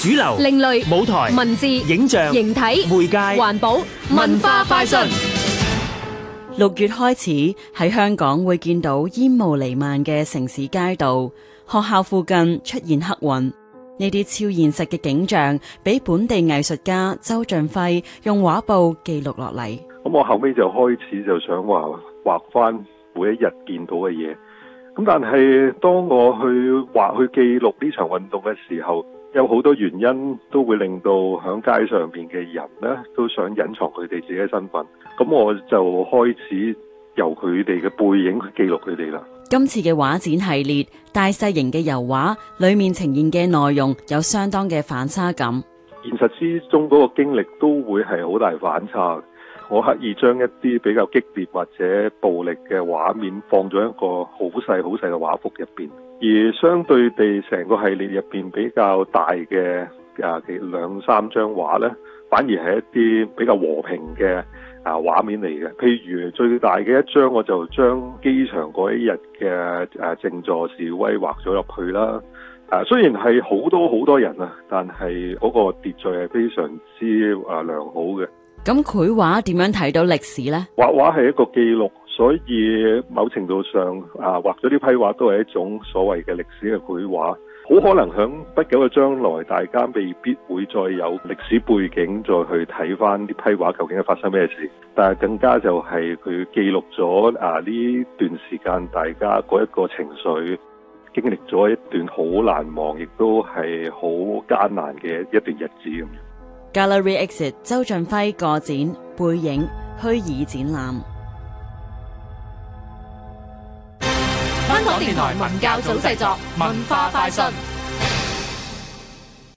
主流、另類舞台、文字、影像、形體、媒介、環保、文化快訊。六月開始喺香港會見到煙霧彌漫嘅城市街道，學校附近出現黑雲。呢啲超現實嘅景象，俾本地藝術家周俊輝用畫布記錄落嚟。咁我後尾就開始就想畫畫翻每一日見到嘅嘢。咁但係當我去畫去記錄呢場運動嘅時候。有好多原因都會令到喺街上邊嘅人咧，都想隱藏佢哋自己嘅身份。咁我就開始由佢哋嘅背影去記錄佢哋啦。今次嘅畫展系列大細型嘅油畫裏面呈現嘅內容有相當嘅反差感。現實之中嗰個經歷都會係好大反差。我刻意將一啲比較激烈或者暴力嘅畫面放咗一個好細好細嘅畫幅入邊，而相對地成個系列入面比較大嘅啊，兩三張畫呢，反而係一啲比較和平嘅啊畫面嚟嘅。譬如最大嘅一張，我就將機場嗰一日嘅啊靜坐示威畫咗入去啦。啊，雖然係好多好多人啊，但係嗰個秩序係非常之啊良好嘅。咁繪畫點樣睇到歷史呢？畫畫係一個記錄，所以某程度上啊，畫咗啲批畫都係一種所謂嘅歷史嘅繪畫。好可能響不久嘅將來，大家未必會再有歷史背景再去睇返啲批畫究竟係發生咩事。但係更加就係佢記錄咗啊呢段時間大家嗰一個情緒，經歷咗一段好難忘亦都係好艱難嘅一段日子咁樣。Gallery Exit 周俊輝個展《背影》虛擬展覽。香港電台文教組製作，文化快訊。